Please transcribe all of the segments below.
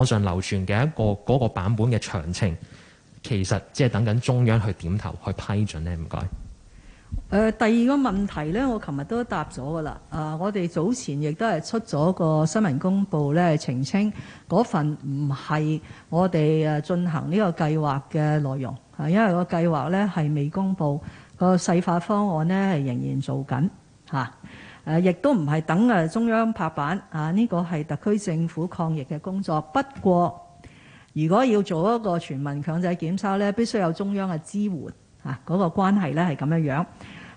網上流傳嘅一個嗰個版本嘅詳情，其實即係等緊中央去點頭去批准咧。唔該。誒、呃，第二個問題咧，我琴日都答咗噶啦。誒、啊，我哋早前亦都係出咗個新聞公布咧，澄清嗰份唔係我哋誒進行呢個計劃嘅內容。啊，因為個計劃咧係未公布，個細化方案咧係仍然做緊吓。啊誒，亦都唔係等誒中央拍板啊！呢、這個係特區政府抗疫嘅工作。不過，如果要做一個全民強制檢測咧，必須有中央嘅支援啊！嗰、這個關係咧係咁樣樣。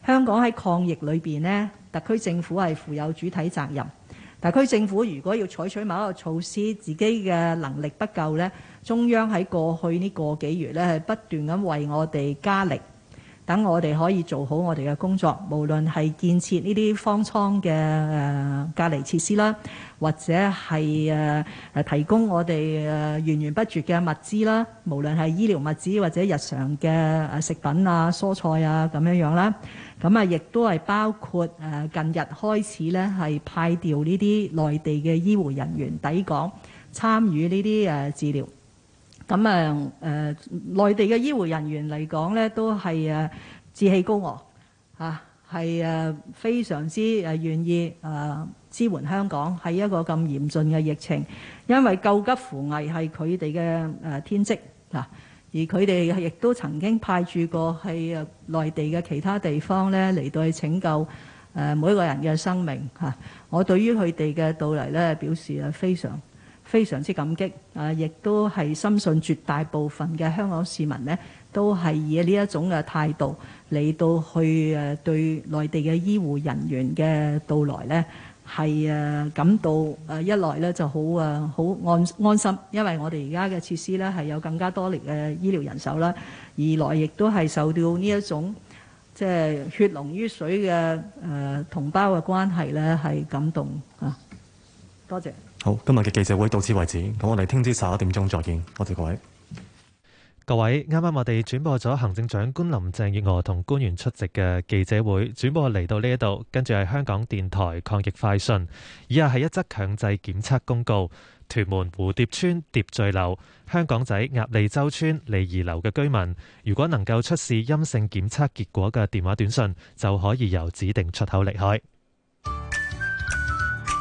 香港喺抗疫裏邊呢，特區政府係負有主體責任。特區政府如果要採取某一個措施，自己嘅能力不夠呢，中央喺過去呢個幾月呢，係不斷咁為我哋加力。等我哋可以做好我哋嘅工作，無論係建設呢啲方艙嘅誒隔離設施啦，或者係誒誒提供我哋誒源源不絕嘅物資啦，無論係醫療物資或者日常嘅誒食品啊、蔬菜啊咁樣樣啦，咁啊亦都係包括誒近日開始咧，係派調呢啲內地嘅醫護人員抵港參與呢啲誒治療。咁啊，誒、呃、內地嘅醫護人員嚟講咧，都係誒志氣高昂嚇，係、啊、誒、啊、非常之誒願意誒、啊、支援香港，喺一個咁嚴峻嘅疫情，因為救急扶危係佢哋嘅誒天職嗱、啊，而佢哋亦都曾經派駐過去誒內地嘅其他地方咧，嚟到去拯救誒、啊、每一個人嘅生命嚇、啊。我對於佢哋嘅到嚟咧，表示誒非常，非常之感激，啊，亦都係深信絕大部分嘅香港市民呢，都係以呢一種嘅態度嚟到去誒、啊、對內地嘅醫護人員嘅到來呢，係誒、啊、感到誒、啊、一來呢就好誒好安安心，因為我哋而家嘅設施呢，係有更加多啲嘅醫療人手啦、啊，二來亦都係受到呢一種即係血濃於水嘅誒、啊、同胞嘅關係呢，係感動啊。多謝。好，今日嘅記者會到此為止。咁我哋聽朝十一點鐘再見。多謝各位。各位，啱啱我哋轉播咗行政長官林鄭月娥同官員出席嘅記者會，轉播嚟到呢一度，跟住係香港電台抗疫快訊。以下係一則強制檢測公告：屯門蝴蝶村蝶聚樓、香港仔鴨脷洲村利怡樓嘅居民，如果能夠出示陰性檢測結果嘅電話短信，就可以由指定出口離開。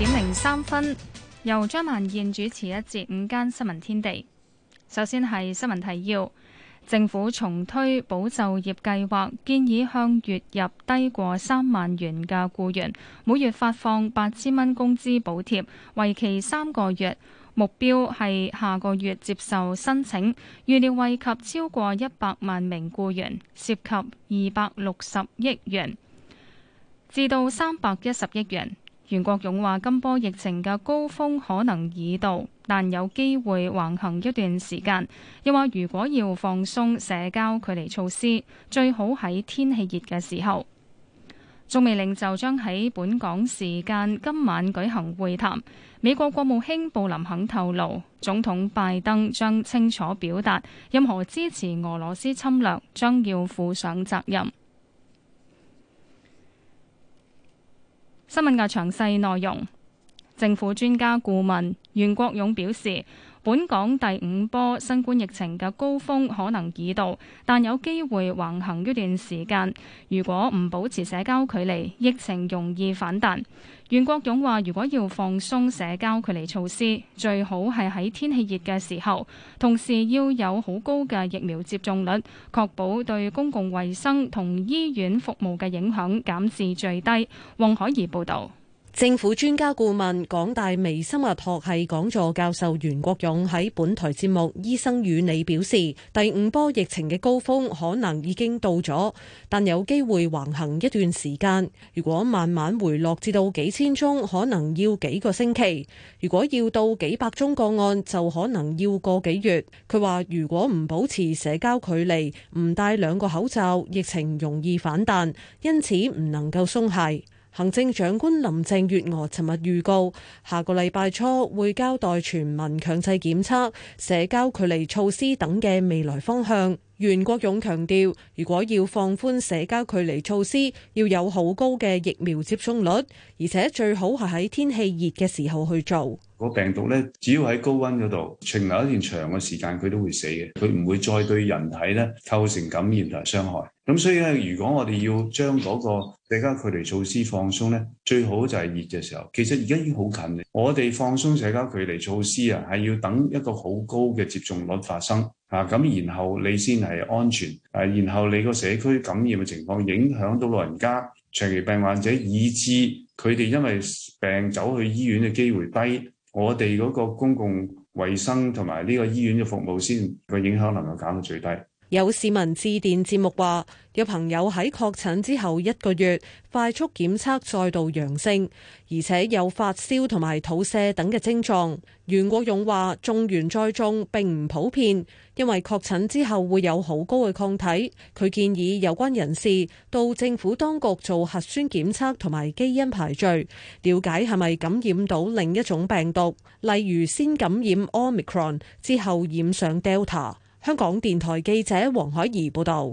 點零三分，由張曼燕主持一節午間新聞天地。首先係新聞提要：政府重推保就業計劃，建議向月入低過三萬元嘅僱員，每月發放八千蚊工資補貼，為期三個月。目標係下個月接受申請，預料惠及超過一百萬名僱員，涉及二百六十億元至到三百一十億元。袁國勇話：今波疫情嘅高峰可能已到，但有機會橫行一段時間。又話如果要放鬆社交距離措施，最好喺天氣熱嘅時候。中美領袖就將喺本港時間今晚舉行會談。美國國務卿布林肯透露，總統拜登將清楚表達，任何支持俄羅斯侵略將要負上責任。新聞嘅詳細內容，政府專家顧問袁國勇表示。本港第五波新冠疫情嘅高峰可能已到，但有機會橫行一段時間。如果唔保持社交距離，疫情容易反彈。袁國勇話，如果要放鬆社交距離措施，最好係喺天氣熱嘅時候，同時要有好高嘅疫苗接種率，確保對公共衛生同醫院服務嘅影響減至最低。王海怡報道。政府專家顧問、港大微生物學系講座教授袁國勇喺本台節目《醫生與你》表示，第五波疫情嘅高峰可能已經到咗，但有機會橫行一段時間。如果慢慢回落至到幾千宗，可能要幾個星期；如果要到幾百宗個案，就可能要個幾月。佢話，如果唔保持社交距離、唔戴兩個口罩，疫情容易反彈，因此唔能夠鬆懈。行政長官林鄭月娥尋日預告，下個禮拜初會交代全民強制檢測、社交距離措施等嘅未來方向。袁國勇強調，如果要放寬社交距離措施，要有好高嘅疫苗接種率，而且最好係喺天氣熱嘅時候去做。個病毒咧，只要喺高溫嗰度，停留一段長嘅時間，佢都會死嘅，佢唔會再對人體咧構成感染同埋傷害。咁所以咧，如果我哋要將嗰個社交距離措施放鬆咧，最好就係熱嘅時候。其實而家已經好近，我哋放鬆社交距離措施啊，係要等一個好高嘅接種率發生。啊，然後你先係安全，啊，然後你個社區感染嘅情況影響到老人家、長期病患者，以致佢哋因為病走去醫院嘅機會低，我哋嗰個公共衞生同埋呢個醫院嘅服務先個影響能夠減到最低。有市民致電節目話，有朋友喺確診之後一個月，快速檢測再度陽性，而且有發燒同埋肚瀉等嘅症狀。袁國勇話，種完再種並唔普遍，因為確診之後會有好高嘅抗體。佢建議有關人士到政府當局做核酸檢測同埋基因排序，了解係咪感染到另一種病毒，例如先感染 Omicron 之後染上 Delta。香港電台記者黃海怡報道。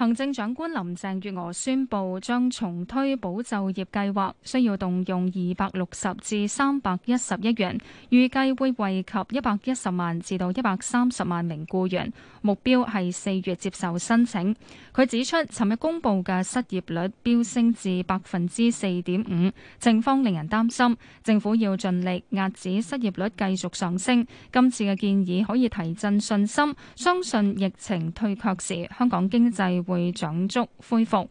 行政長官林鄭月娥宣布將重推保就業計劃，需要動用二百六十至三百一十億元，預計會惠及一百一十萬至到一百三十萬名僱員。目標係四月接受申請。佢指出，尋日公布嘅失業率飆升至百分之四點五，情況令人擔心。政府要盡力遏止失業率繼續上升。今次嘅建議可以提振信心，相信疫情退卻時，香港經濟。會長足恢復。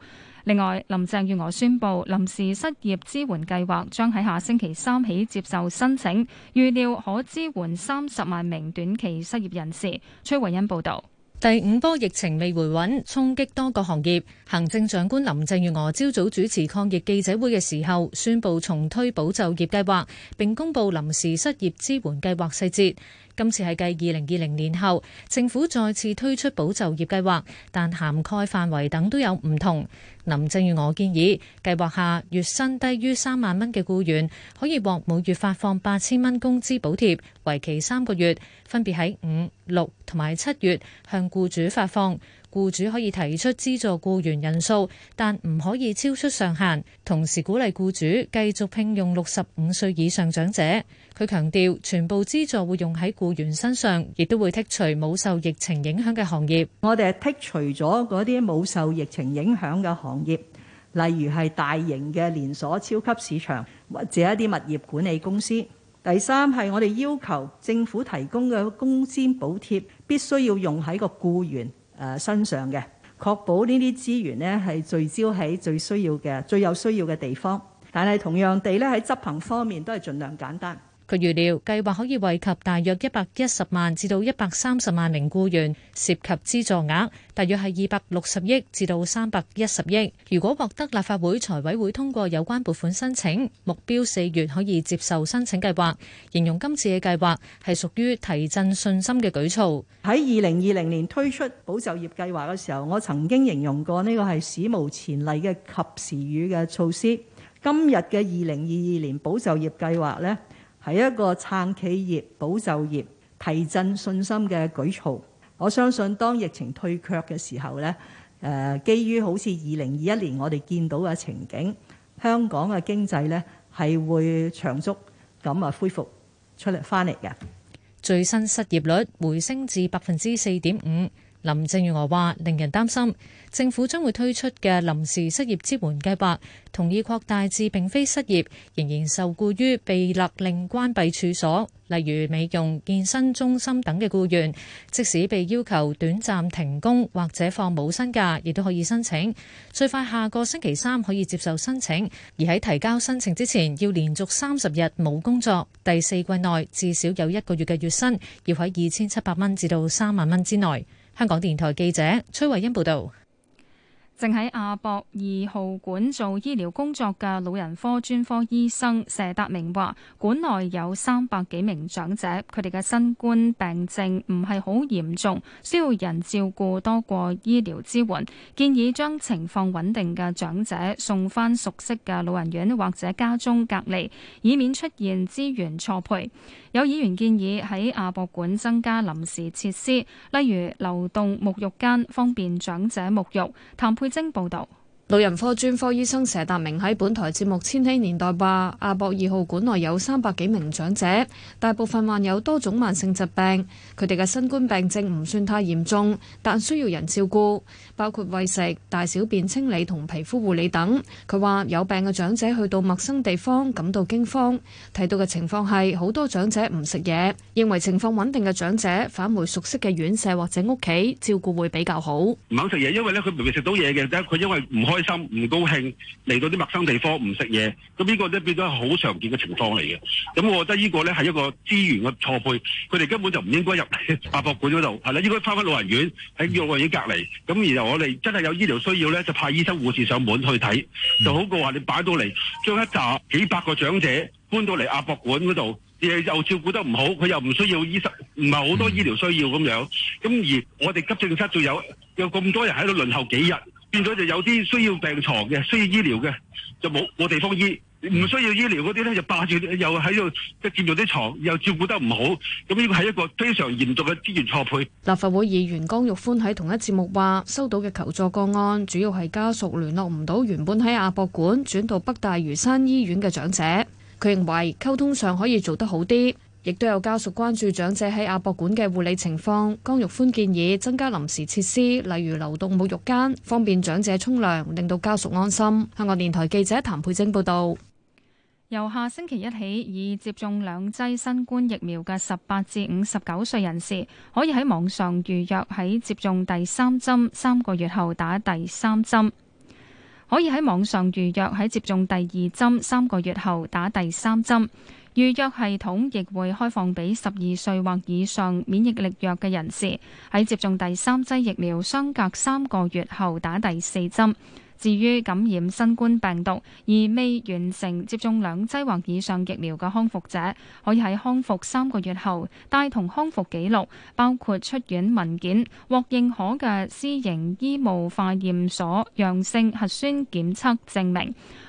另外，林鄭月娥宣布臨時失業支援計劃將喺下星期三起接受申請，預料可支援三十萬名短期失業人士。崔偉恩報道：第五波疫情未回穩，衝擊多個行業。行政長官林鄭月娥朝早主持抗疫記者會嘅時候，宣布重推保就業計劃，並公布臨時失業支援計劃細節。今次係繼二零二零年後，政府再次推出保就業計劃，但涵蓋範圍等都有唔同。林鄭月娥建議，計劃下月薪低於三萬蚊嘅雇員可以獲每月發放八千蚊工資補貼，為期三個月，分別喺五六同埋七月向雇主發放。僱主可以提出資助僱員人數，但唔可以超出上限。同時鼓勵僱主繼續聘用六十五歲以上長者。佢強調，全部資助會用喺僱員身上，亦都會剔除冇受疫情影響嘅行業。我哋剔除咗嗰啲冇受疫情影響嘅行業，例如係大型嘅連鎖超級市場或者一啲物業管理公司。第三，係我哋要求政府提供嘅工資補貼必須要用喺個僱員誒、呃、身上嘅，確保呢啲資源咧係聚焦喺最需要嘅、最有需要嘅地方，但係同樣地咧喺執行方面都係盡量簡單。佢預料計劃可以惠及大約一百一十萬至到一百三十萬名僱員，涉及資助額大約係二百六十億至到三百一十億。如果獲得立法會財委會通過有關撥款申請，目標四月可以接受申請計劃。形容今次嘅計劃係屬於提振信心嘅舉措。喺二零二零年推出保就業計劃嘅時候，我曾經形容過呢個係史無前例嘅及時雨嘅措施。今日嘅二零二二年保就業計劃呢，係一個撐企業、保就業、提振信心嘅舉措。我相信當疫情退卻嘅時候呢誒，基於好似二零二一年我哋見到嘅情景，香港嘅經濟呢係會長足咁啊恢復出嚟翻嚟嘅。最新失業率回升至百分之四點五。林鄭月娥話，令人擔心，政府將會推出嘅臨時失業支援計劃，同意擴大至並非失業，仍然受雇於被勒令關閉處所，例如美容、健身中心等嘅僱員，即使被要求短暫停工或者放冇薪假，亦都可以申請。最快下個星期三可以接受申請，而喺提交申請之前，要連續三十日冇工作，第四季內至少有一個月嘅月薪要喺二千七百蚊至到三萬蚊之內。香港電台記者崔慧欣報道，正喺亞博二號館做醫療工作嘅老人科專科醫生謝達明話，館內有三百幾名長者，佢哋嘅新冠病症唔係好嚴重，需要人照顧多過醫療支援，建議將情況穩定嘅長者送翻熟悉嘅老人院或者家中隔離，以免出現資源錯配。有議員建議喺亞博館增加臨時設施，例如流動沐浴間，方便長者沐浴。譚佩晶報導。老人科專科醫生佘達明喺本台節目《千禧年代》話：亞博二號館內有三百幾名長者，大部分患有多種慢性疾病，佢哋嘅新冠病症唔算太嚴重，但需要人照顧，包括餵食、大小便清理同皮膚護理等。佢話有病嘅長者去到陌生地方感到驚慌，提到嘅情況係好多長者唔食嘢，認為情況穩定嘅長者返回熟悉嘅院舍或者屋企照顧會比較好。唔肯食嘢，因為呢佢明明食到嘢嘅，佢因為唔開。心唔高興，嚟到啲陌生地方唔食嘢，咁呢個都變咗好常見嘅情況嚟嘅。咁我覺得呢個咧係一個資源嘅錯配，佢哋根本就唔應該入亞博館嗰度。係啦，應該翻返老人院，喺老人院隔籬。咁然後我哋真係有醫療需要呢，就派醫生護士上門去睇，就好過話你擺到嚟，將一紮幾百個長者搬到嚟亞博館嗰度，又照顧得唔好，佢又唔需要醫生，唔係好多醫療需要咁樣。咁而我哋急症室仲有有咁多人喺度輪候幾日。變咗就有啲需要病床嘅，需要醫療嘅，就冇冇地方醫，唔需要醫療嗰啲咧就霸住，又喺度即佔咗啲床，又照顧得唔好，咁呢個係一個非常嚴重嘅資源錯配。立法會議員江玉歡喺同一節目話，收到嘅求助個案主要係家屬聯絡唔到原本喺亞博館轉到北大嶼山醫院嘅長者，佢認為溝通上可以做得好啲。亦都有家屬關注長者喺亞博館嘅護理情況。江玉歡建議增加臨時設施，例如流動沐浴間，方便長者沖涼，令到家屬安心。香港電台記者譚佩晶報導。由下星期一起，已接種兩劑新冠疫苗嘅十八至五十九歲人士，可以喺網上預約喺接種第三針三個月後打第三針，可以喺網上預約喺接種第二針三個月後打第三針。預約系統亦會開放俾十二歲或以上免疫力弱嘅人士，喺接種第三劑疫苗相隔三個月後打第四針。至於感染新冠病毒而未完成接種兩劑或以上疫苗嘅康復者，可以喺康復三個月後帶同康復記錄，包括出院文件獲認可嘅私營醫務化驗所陽性核酸檢測證明。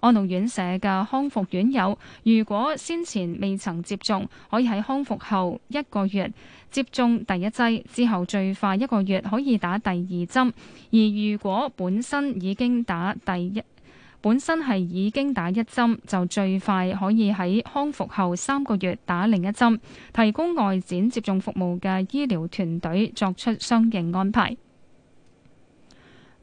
安老院舍嘅康復院友，如果先前未曾接種，可以喺康復後一個月接種第一劑，之後最快一個月可以打第二針，而如果本身已經打第一，本身係已經打一針就最快可以喺康復後三個月打另一針，提供外展接種服務嘅醫療團隊作出相應安排。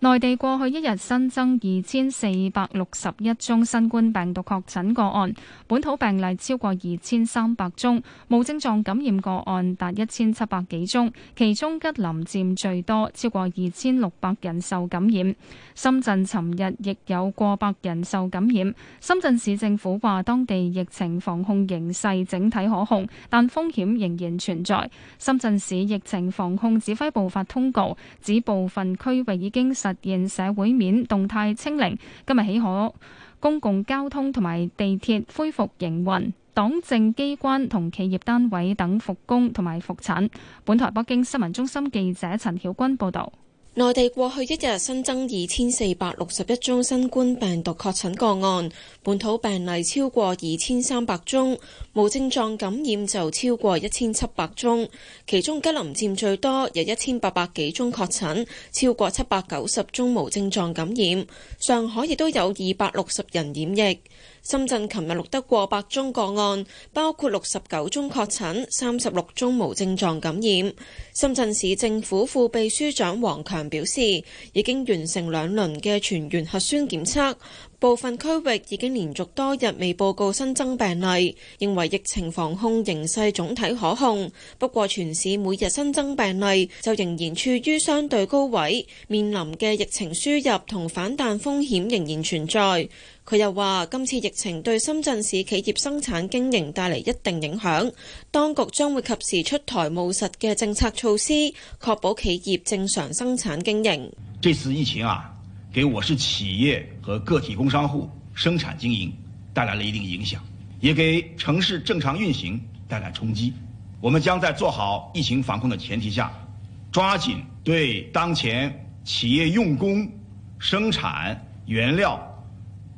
內地過去一日新增二千四百六十一宗新冠病毒確診個案，本土病例超過二千三百宗，無症狀感染個案達一千七百幾宗，其中吉林佔最多，超過二千六百人受感染。深圳尋日亦有過百人受感染。深圳市政府話，當地疫情防控形勢整體可控，但風險仍然存在。深圳市疫情防控指揮部發通告，指部分區域已經實。現社會面動態清零，今日起可公共交通同埋地鐵恢復營運，黨政機關同企業單位等復工同埋復產。本台北京新聞中心記者陳曉君報道。內地過去一日新增二千四百六十一宗新冠病毒確診個案，本土病例超過二千三百宗，無症狀感染就超過一千七百宗。其中吉林佔最多，有一千八百幾宗確診，超過七百九十宗無症狀感染。上海亦都有二百六十人染疫。深圳琴日錄得過百宗個案，包括六十九宗確診，三十六宗無症狀感染。深圳市政府副秘書長王強表示，已經完成兩輪嘅全員核酸檢測，部分區域已經連續多日未報告新增病例，認為疫情防控形勢總體可控。不過全市每日新增病例就仍然處於相對高位，面臨嘅疫情輸入同反彈風險仍然存在。佢又話：今次疫情對深圳市企業生產經營帶嚟一定影響，當局將會及時出台務實嘅政策措施，確保企業正常生產經營。這次疫情啊，給我市企業和個體工商戶生產經營帶來了一定影響，也給城市正常運行帶來衝擊。我們將在做好疫情防控的前提下，抓緊對當前企業用工、生產、原料、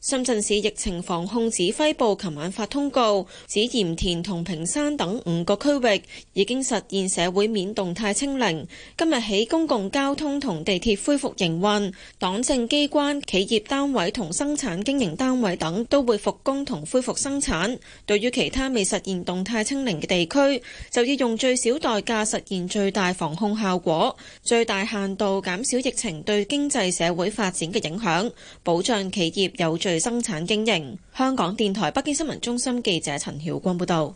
深圳市疫情防控指揮部琴晚發通告，指鹽田同坪山等五個區域已經實現社會面動態清零。今日起，公共交通同地鐵恢復營運，黨政機關、企業單位同生產經營單位等都會復工同恢復生產。對於其他未實現動態清零嘅地區，就要用最少代價實現最大防控效果，最大限度減少疫情對經濟社會發展嘅影響，保障企業有。對生產經營。香港電台北京新聞中心記者陳曉光報道。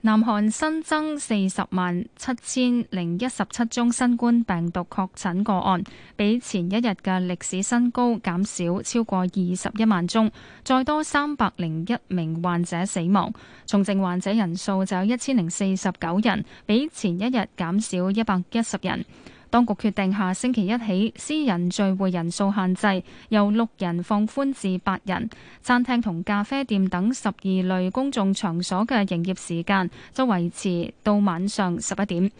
南韓新增四十萬七千零一十七宗新冠病毒確診個案，比前一日嘅歷史新高減少超過二十一萬宗，再多三百零一名患者死亡，重症患者人數就有一千零四十九人，比前一日減少一百一十人。當局決定下星期一起，私人聚會人數限制由六人放寬至八人，餐廳同咖啡店等十二類公眾場所嘅營業時間則維持到晚上十一點。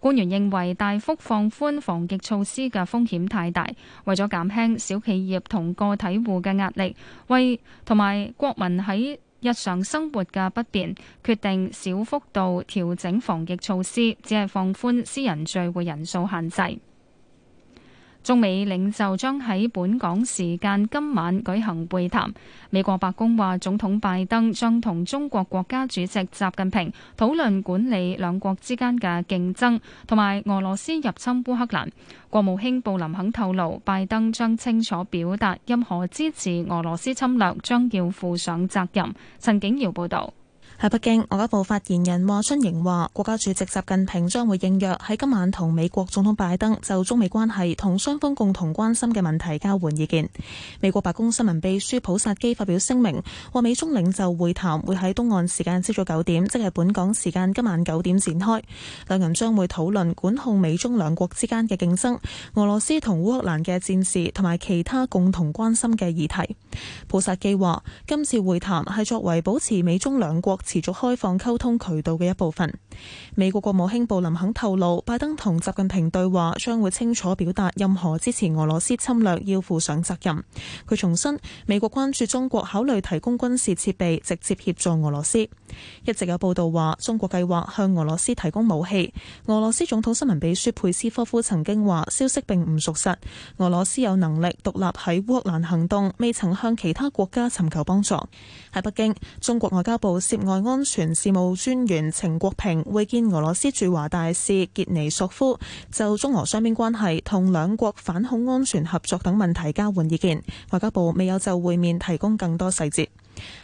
官員認為大幅放寬防疫措施嘅風險太大，為咗減輕小企業同個體戶嘅壓力，為同埋國民喺日常生活嘅不便，決定小幅度調整防疫措施，只係放寬私人聚會人數限制。中美領袖將喺本港時間今晚舉行會談。美國白宮話，總統拜登將同中國國家主席習近平討論管理兩國之間嘅競爭同埋俄羅斯入侵烏克蘭。國務卿布林肯透露，拜登將清楚表達任何支持俄羅斯侵略將要負上責任。陳景堯報道。喺北京，外交部發言人華春瑩話國家主席習近平將會應約喺今晚同美國總統拜登就中美關係同雙方共同關心嘅問題交換意見。美國白宮新聞秘書普薩基發表聲明，話美中領袖會談會喺東岸時間朝早九點即係本港時間今晚九點展開，兩人將會討論管控美中兩國之間嘅競爭俄羅斯同烏克蘭嘅戰事同埋其他共同關心嘅議題，普薩基話今次會談係作為保持美中兩國。持續開放溝通渠道嘅一部分。美國國務卿布林肯透露，拜登同習近平對話將會清楚表達任何支持俄羅斯侵略要負上責任。佢重申，美國關注中國考慮提供軍事設備直接協助俄羅斯。一直有報道話，中國計劃向俄羅斯提供武器。俄羅斯總統新聞秘書佩斯科夫曾經話，消息並唔屬實。俄羅斯有能力獨立喺烏克蘭行動，未曾向其他國家尋求幫助。喺北京，中國外交部涉外安全事務專員程國平。會見俄羅斯駐華大使傑尼索夫，就中俄雙邊關係同兩國反恐安全合作等問題交換意見。外交部未有就會面提供更多細節。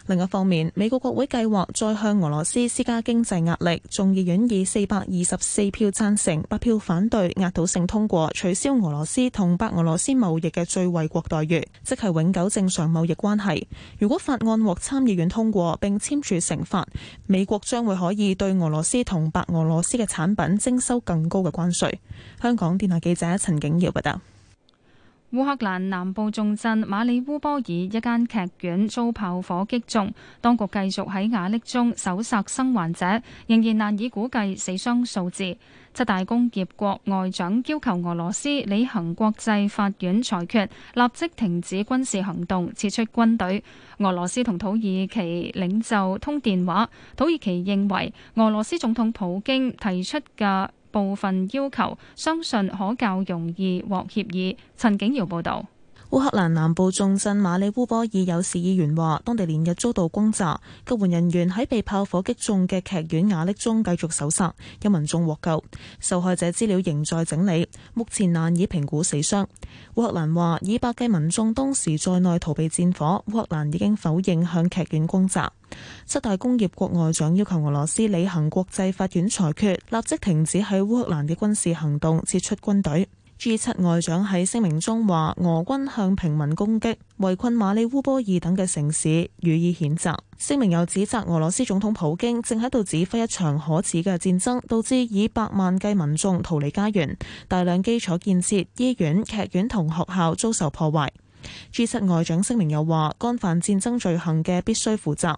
另一方面，美國國會計劃再向俄羅斯施加經濟壓力。眾議院以四百二十四票贊成、八票反對，壓倒性通過取消俄羅斯同白俄羅斯貿易嘅最惠國待遇，即係永久正常貿易關係。如果法案獲參議院通過並簽署成法，美國將會可以對俄羅斯同白俄羅斯嘅產品徵收更高嘅關稅。香港電台記者陳景堯報道。烏克蘭南部重鎮馬里烏波爾一間劇院遭炮火擊中，當局繼續喺瓦礫中搜尋生還者，仍然難以估計死傷數字。七大工業國外長要求俄羅斯履行國際法院裁決，立即停止軍事行動，撤出軍隊。俄羅斯同土耳其領袖通電話，土耳其認為俄羅斯總統普京提出嘅部分要求，相信可較容易獲協議。陳景瑤報道。烏克蘭南部重鎮馬里烏波爾有市議員話，當地連日遭到轟炸，救援人員喺被炮火擊中嘅劇院瓦礫中繼續搜索，有民眾獲救，受害者資料仍在整理，目前難以評估死傷。烏克蘭話，以百計民眾當時在內逃避戰火，烏克蘭已經否認向劇院轟炸。七大工業國外長要求俄羅斯履行國際法院裁決，立即停止喺烏克蘭嘅軍事行動，撤出軍隊。G 七外長喺聲明中話，俄軍向平民攻擊、圍困馬里烏波爾等嘅城市，予以譴責。聲明又指責俄羅斯總統普京正喺度指揮一場可恥嘅戰爭，導致以百萬計民眾逃離家園，大量基礎建設、醫院、劇院同學校遭受破壞。G7 外長聲明又話：干犯戰爭罪行嘅必須負責。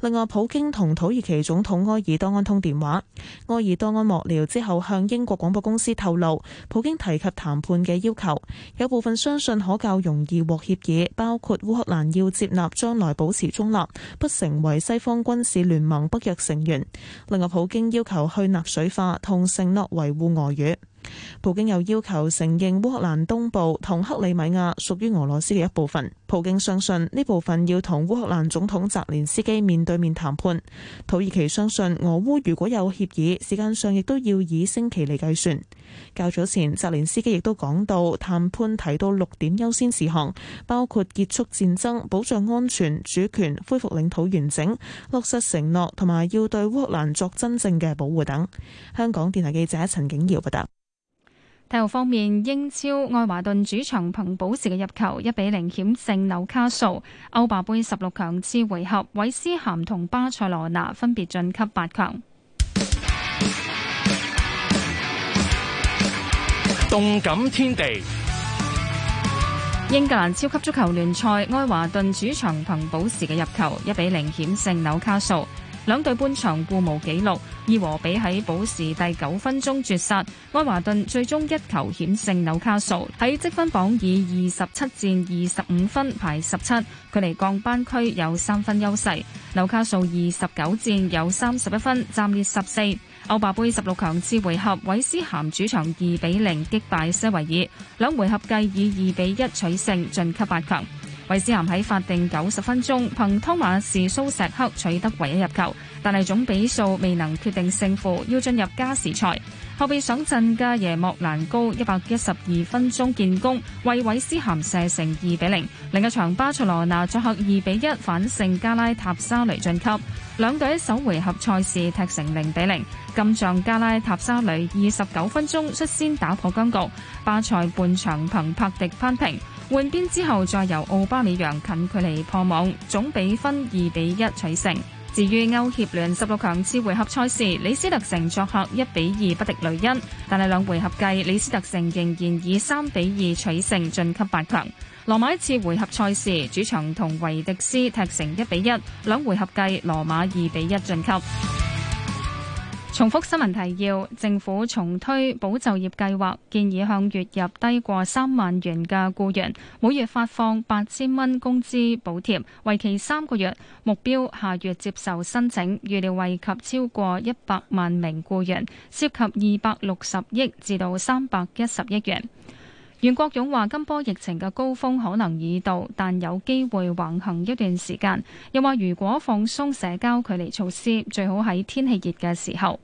另外，普京同土耳其總統埃爾多安通電話，埃爾多安幕僚之後向英國廣播公司透露，普京提及談判嘅要求，有部分相信可較容易獲協議，包括烏克蘭要接納將來保持中立，不成為西方軍事聯盟北約成員。另外，普京要求去納粹化同承諾維護俄語。普京又要求承認烏克蘭東部同克里米亞屬於俄羅斯嘅一部分。普京相信呢部分要同烏克蘭總統澤連斯基面對面談判。土耳其相信俄烏如果有協議，時間上亦都要以星期嚟計算。較早前，澤連斯基亦都講到談判提到六點優先事項，包括結束戰爭、保障安全、主權、恢復領土完整、落實承諾同埋要對烏克蘭作真正嘅保護等。香港電台記者陳景瑤報道。體育方面，英超愛華頓主場憑保時嘅入球一比零險勝紐卡素。歐霸盃十六強次回合，韋斯咸同巴塞羅那分別晉級八強。動感天地，英格蘭超級足球聯賽，愛華頓主場憑保時嘅入球一比零險勝紐卡素。兩隊半場互無紀錄，伊和比喺補時第九分鐘絕殺，愛華頓最終一球險勝紐卡素，喺積分榜以二十七戰二十五分排十七，距離降班區有三分優勢。紐卡素二十九戰有三十一分，暫列十四。歐霸盃十六強次回合，韋斯咸主場二比零擊敗西維爾，兩回合計以二比一取勝，晉級八強。韋斯咸喺法定九十分鐘，憑湯馬士蘇石克取得唯一入球，但係總比數未能決定勝負，要進入加時賽。後備上陣嘅耶莫蘭高一百一十二分鐘建功，為韋斯咸射成二比零。另一場巴塞羅那作客二比一反勝加拉塔沙雷晉級。兩隊首回合賽事踢成零比零，今仗加拉塔沙雷二十九分鐘率先打破僵局，巴塞半場憑柏迪帕迪扳平。換邊之後，再由奧巴美揚近距離破網，總比分二比一取勝。至於歐協聯十六強次回合賽事，里斯特城作客一比二不敵雷恩，但係兩回合計，里斯特城仍然以三比二取勝晉級八強。羅馬一次回合賽事主場同維迪斯踢成一比一，兩回合計羅馬二比一晉級。重複新聞提要：政府重推保就業計劃，建議向月入低過三萬元嘅僱員每月發放八千蚊工資補貼，為期三個月。目標下月接受申請，預料惠及超過一百萬名僱員，涉及二百六十億至到三百一十億元。袁國勇話：今波疫情嘅高峰可能已到，但有機會橫行一段時間。又話如果放鬆社交距離措施，最好喺天氣熱嘅時候。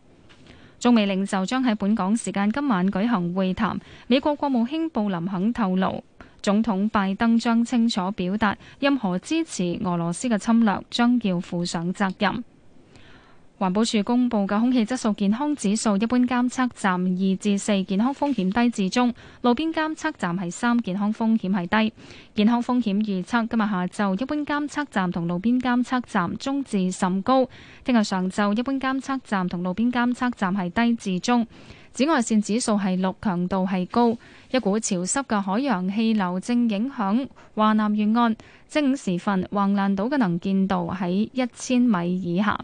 中美領袖將喺本港時間今晚舉行會談。美國國務卿布林肯透露，總統拜登將清楚表達，任何支持俄羅斯嘅侵略將要負上責任。環保署公布嘅空氣質素健康指數，一般監測站二至四，健康風險低至中；路邊監測站係三，健康風險係低。健康風險預測今日下晝一般監測站同路邊監測站中至甚高，聽日上晝一般監測站同路邊監測站係低至中。紫外線指數係六，強度係高。一股潮濕嘅海洋氣流正影響華南沿岸，正午時分，橫瀾島嘅能見度喺一千米以下。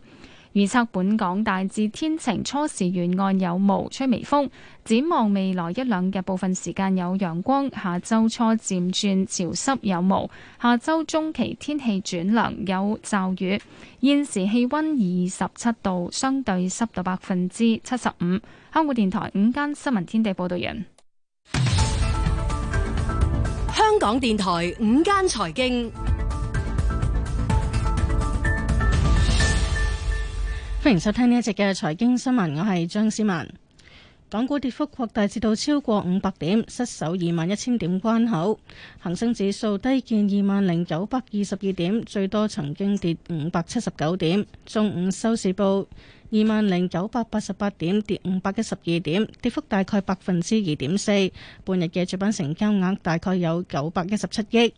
預測本港大致天晴，初時沿岸有霧，吹微風。展望未來一兩日部分時間有陽光，下周初漸轉潮濕有霧，下周中期天氣轉涼有驟雨。現時氣温二十七度，相對濕度百分之七十五。香港電台午間新聞天地報道完。香港電台午間財經。歡迎收聽呢一節嘅財經新聞，我係張思文。港股跌幅擴大至到超過五百點，失守二萬一千點關口。恒生指數低見二萬零九百二十二點，最多曾經跌五百七十九點。中午收市報二萬零九百八十八點，跌五百一十二點，跌幅大概百分之二點四。半日嘅主板成交額大概有九百一十七億。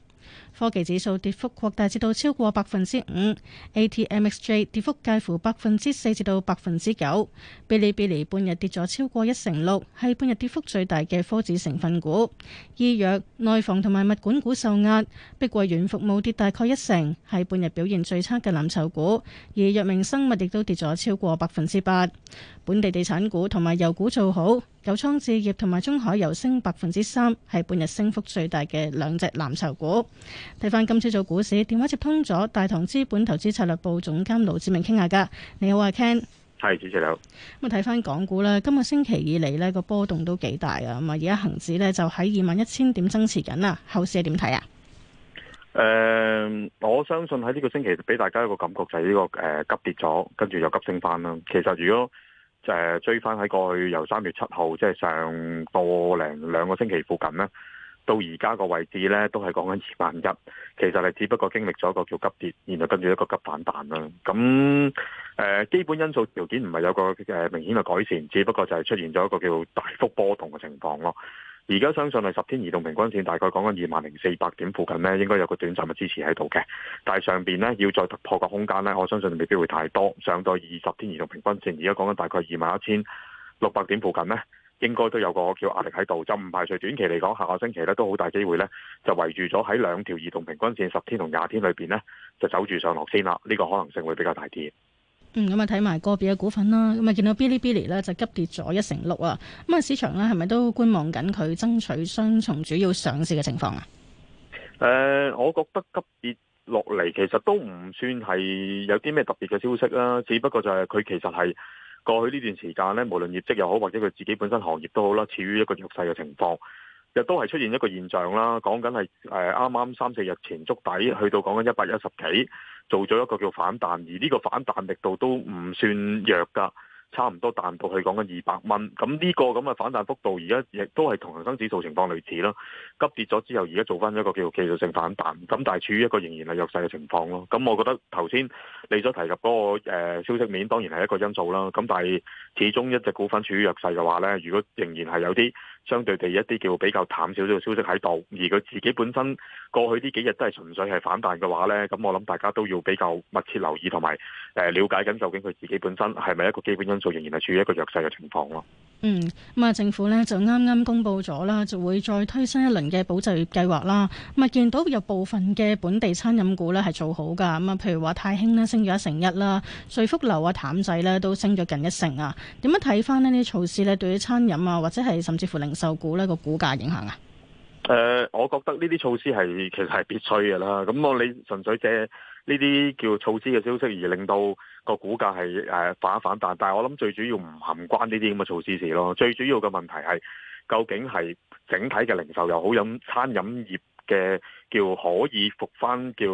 科技指數跌幅擴大至到超過百分之五，A T M X J 跌幅介乎百分之四至到百分之九。比利比利半日跌咗超過一成六，係半日跌幅最大嘅科指成分股。醫藥、內房同埋物管股受壓，碧桂園服務跌大概一成，係半日表現最差嘅藍籌股。而藥明生物亦都跌咗超過百分之八。本地地產股同埋油股做好，九倉置業同埋中海油升百分之三，係半日升幅最大嘅兩隻藍籌股。睇翻今次做股市，電話接通咗大同資本投資策略部總監盧志明傾下噶。你好啊，Ken。係，主持你好。咁啊，睇翻港股咧，今個星期以嚟呢個波動都幾大啊。咁啊，而家恒指呢，就喺二萬一千點爭持緊啊。後市係點睇啊？誒、呃，我相信喺呢個星期俾大家一個感覺就係呢、這個誒、呃、急跌咗，跟住又急升翻啦。其實如果就誒、呃、追翻喺過去由三月七號即係、就是、上多零兩個星期附近咧。到而家個位置呢，都係講緊二萬一，其實係只不過經歷咗一個叫急跌，然後跟住一個急反彈啦。咁、呃、基本因素條件唔係有個誒明顯嘅改善，只不過就係出現咗一個叫大幅波動嘅情況咯。而家相信係十天移動平均線大概講緊二萬零四百點附近呢，應該有個短暫嘅支持喺度嘅。但係上邊呢，要再突破個空間呢，我相信未必會太多。上到二十天移動平均線而家講緊大概二萬一千六百點附近呢。應該都有個叫壓力喺度，就唔排除短期嚟講，下個星期咧都好大機會咧，就圍住咗喺兩條移動平均線十天同廿天裏邊咧，就走住上落先啦。呢、這個可能性會比較大啲。嗯，咁啊睇埋個別嘅股份啦，咁啊見到嗶哩嗶哩咧就急跌咗一成六啊。咁、那、啊、個、市場咧係咪都觀望緊佢爭取雙重主要上市嘅情況啊？誒、呃，我覺得急跌落嚟其實都唔算係有啲咩特別嘅消息啦、啊，只不過就係佢其實係。過去呢段時間呢，無論業績又好，或者佢自己本身行業都好啦，處於一個弱勢嘅情況，亦都係出現一個現象啦。講緊係誒，啱啱三四日前築底，去到講緊一百一十幾，做咗一個叫反彈，而呢個反彈力度都唔算弱㗎。差唔多彈到去講緊二百蚊，咁呢個咁嘅反彈幅度，而家亦都係同恒生指數情況類似啦。急跌咗之後，而家做返一個叫技術性反彈，咁但係處於一個仍然係弱勢嘅情況咯。咁我覺得頭先你所提及嗰個誒消息面當然係一個因素啦。咁但係始終一隻股份處於弱勢嘅話呢，如果仍然係有啲相對地一啲叫比較淡少少嘅消息喺度，而佢自己本身過去呢幾日都係純粹係反彈嘅話呢，咁我諗大家都要比較密切留意同埋誒了解緊，究竟佢自己本身係咪一個基本因素，仍然係處於一個弱勢嘅情況咯。嗯，咁啊政府呢就啱啱公布咗啦，就會再推新一輪嘅保就業計劃啦。咁啊見到有部分嘅本地餐飲股呢係做好㗎，咁啊譬如話太興咧升咗一成一啦，敘福樓啊譚仔呢都升咗近一成啊。點樣睇翻呢啲措施呢？對於餐飲啊或者係甚至乎零？受股呢個股價影響啊？誒、呃，我覺得呢啲措施係其實係必須噶啦。咁、嗯、我你純粹借呢啲叫措施嘅消息而令到個股價係誒反一反彈，但係我諗最主要唔含關呢啲咁嘅措施事咯。最主要嘅問題係究竟係整體嘅零售又好飲餐飲業嘅叫可以復翻叫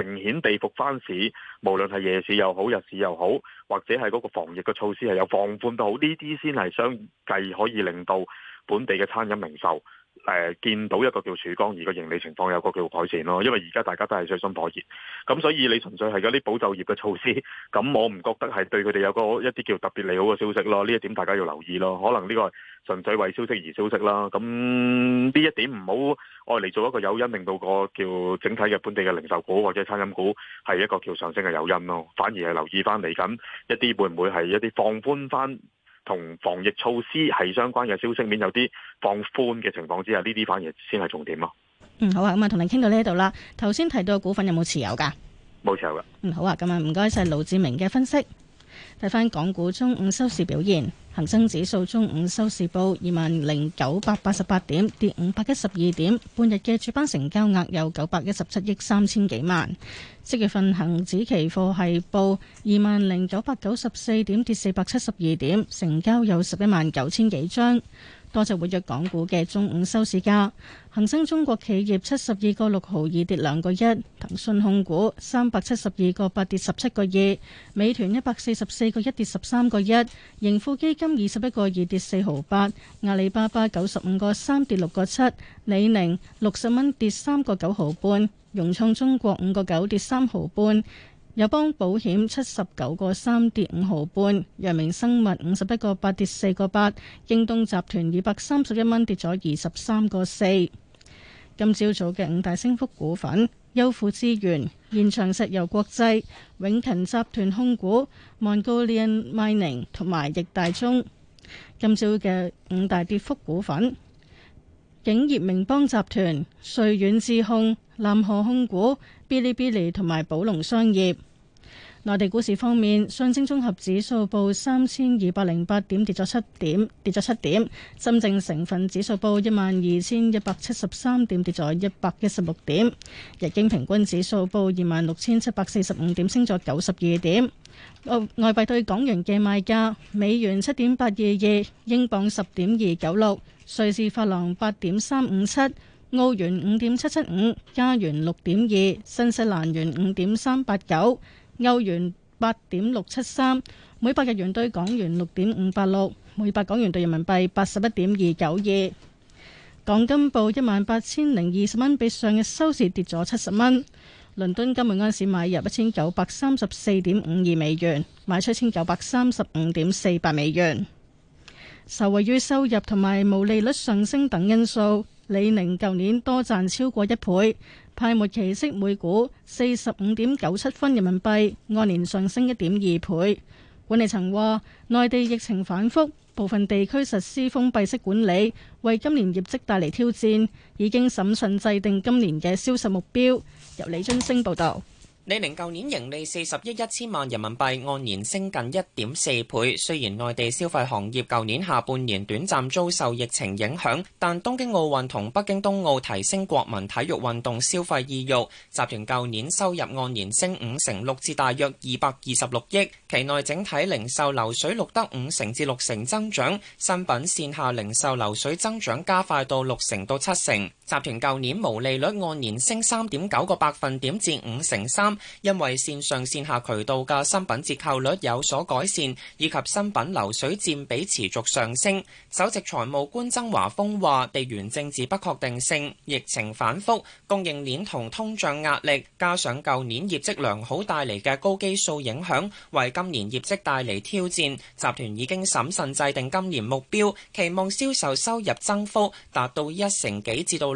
明顯地復翻市，無論係夜市又好日市又好，或者係嗰個防疫嘅措施係有放寬都好呢啲先係相繼可以令到。本地嘅餐飲零售，誒、呃、見到一個叫曙光，而個盈利情況有個叫改善咯。因為而家大家都係水深火熱，咁所以你純粹係嗰啲保就業嘅措施，咁我唔覺得係對佢哋有個一啲叫特別利好嘅消息咯。呢一點大家要留意咯。可能呢個純粹為消息而消息啦。咁呢一點唔好愛嚟做一個誘因，令到個叫整體嘅本地嘅零售股或者餐飲股係一個叫上升嘅誘因咯。反而係留意翻嚟緊一啲會唔會，係一啲放寬翻。同防疫措施係相關嘅消息面有啲放寬嘅情況之下，呢啲反而先係重點咯。嗯，好啊，咁啊，同你傾到呢度啦。頭先提到股份有冇持有㗎？冇持有㗎。嗯，好啊，咁、嗯、啊，唔該晒，盧志明嘅分析。睇返港股中午收市表現，恒生指數中午收市報二萬零九百八十八點，跌五百一十二點。半日嘅主板成交額有九百一十七億三千幾萬。七月份恒指期貨係報二萬零九百九十四點，跌四百七十二點，成交有十一萬九千幾張。多隻活躍港股嘅中午收市價，恒生中國企業七十二個六毫二跌兩個一，騰訊控股三百七十二個八跌十七個二，美團一百四十四個一跌十三個一，盈富基金二十一個二跌四毫八，阿里巴巴九十五個三跌六個七，李寧六十蚊跌三個九毫半，融創中國五個九跌三毫半。友邦保險七十九個三跌五毫半，藥明生物五十一個八跌四個八，京東集團二百三十一蚊跌咗二十三個四。今朝早嘅五大升幅股份：優富資源、延長石油國際、永勤集團控股、Mongolian Mining 同埋易大中。今朝嘅五大跌幅股份。景業名邦集團、瑞遠智控、南河控股、嗶哩嗶哩同埋寶龍商業。內地股市方面，上證綜合指數報三千二百零八點，跌咗七點，跌咗七點。深證成分指數報一萬二千一百七十三點，跌咗一百一十六點。日經平均指數報二萬六千七百四十五點，升咗九十二點。呃、外外幣對港元嘅賣價：美元七點八二二，英鎊十點二九六，瑞士法郎八點三五七，澳元五點七七五，加元六點二，新西蘭元五點三八九。歐元八點六七三，每百日元兌港元六點五八六，每百港元兌人民幣八十一點二九二。港金報一萬八千零二十蚊，比上日收市跌咗七十蚊。倫敦金每安士買入一千九百三十四點五二美元，賣出一千九百三十五點四八美元。受惠於收入同埋毛利率上升等因素。李寧舊年多賺超過一倍，派末期息每股四十五點九七分人民幣，按年上升一點二倍。管理層話，內地疫情反復，部分地區實施封閉式管理，為今年業績帶嚟挑戰，已經審慎制定今年嘅銷售目標。由李津升報道。李寧舊年盈利四十億一千萬人民幣，按年升近一點四倍。雖然內地消費行業舊年下半年短暫遭受疫情影響，但東京奧運同北京冬奧提升國民體育運動消費意欲。集團舊年收入按年升五成六至大約二百二十六億，期內整體零售流水錄得五成至六成增長，新品線下零售流水增長加快到六成到七成。集團舊年毛利率按年升三點九個百分點至五成三，因為線上線下渠道嘅新品折扣率有所改善，以及新品流水佔比持續上升。首席財務官曾華峰話：地緣政治不確定性、疫情反覆、供應鏈同通脹壓力，加上舊年業績良好帶嚟嘅高基數影響，為今年業績帶嚟挑戰。集團已經審慎制定今年目標，期望銷售收入增幅達到一成幾至到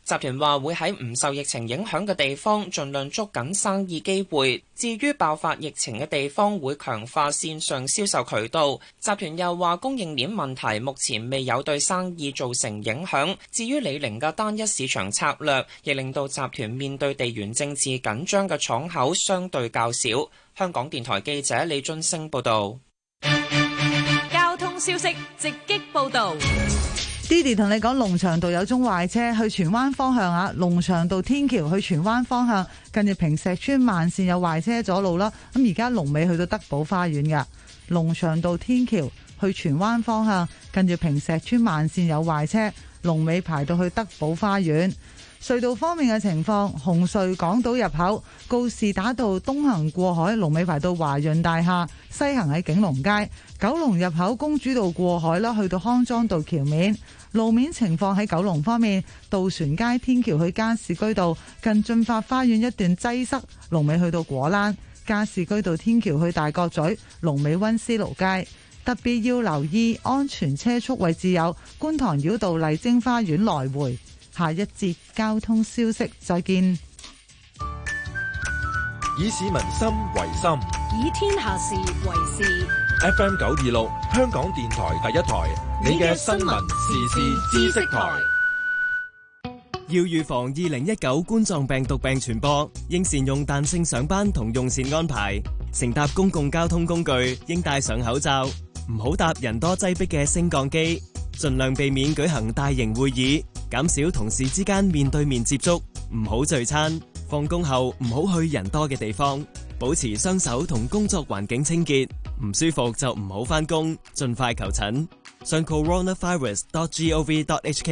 集團話會喺唔受疫情影響嘅地方盡量捉緊生意機會，至於爆發疫情嘅地方會強化綫上銷售渠道。集團又話供應鏈問題目前未有對生意造成影響。至於李寧嘅單一市場策略，亦令到集團面對地緣政治緊張嘅廠口相對較少。香港電台記者李津升報道。交通消息直擊報道。Didi 同你講，龍翔道有宗壞車，去荃灣方向啊，龍翔道天橋去荃灣方向，近住平石村慢線有壞車阻路啦。咁而家龍尾去到德寶花園噶，龍翔道天橋去荃灣方向，近住平石村慢線有壞車，龍尾排到去德寶花園。隧道方面嘅情況，紅隧港島入口告士打道東行過海，龍尾排到華潤大廈；西行喺景隆街，九龍入口公主道過海啦，去到康莊道橋面。路面情況喺九龍方面，渡船街天橋去加士居道近駿發花園一段擠塞，龍尾去到果欄；加士居道天橋去大角咀，龍尾溫思勞街。特別要留意安全車速位置有觀塘繞道麗晶花園來回。下一節交通消息，再見。以市民心為心，以天下事為事。FM 九二六，香港電台第一台，你嘅新聞時事知識台。要預防二零一九冠狀病毒病傳播，應善用彈性上班同用膳安排。乘搭公共交通工具應戴上口罩，唔好搭人多擠迫嘅升降機，盡量避免舉行大型會議。減少同事之間面對面接觸，唔好聚餐，放工後唔好去人多嘅地方，保持雙手同工作環境清潔，唔舒服就唔好翻工，盡快求診。上 coronavirus.gov.hk。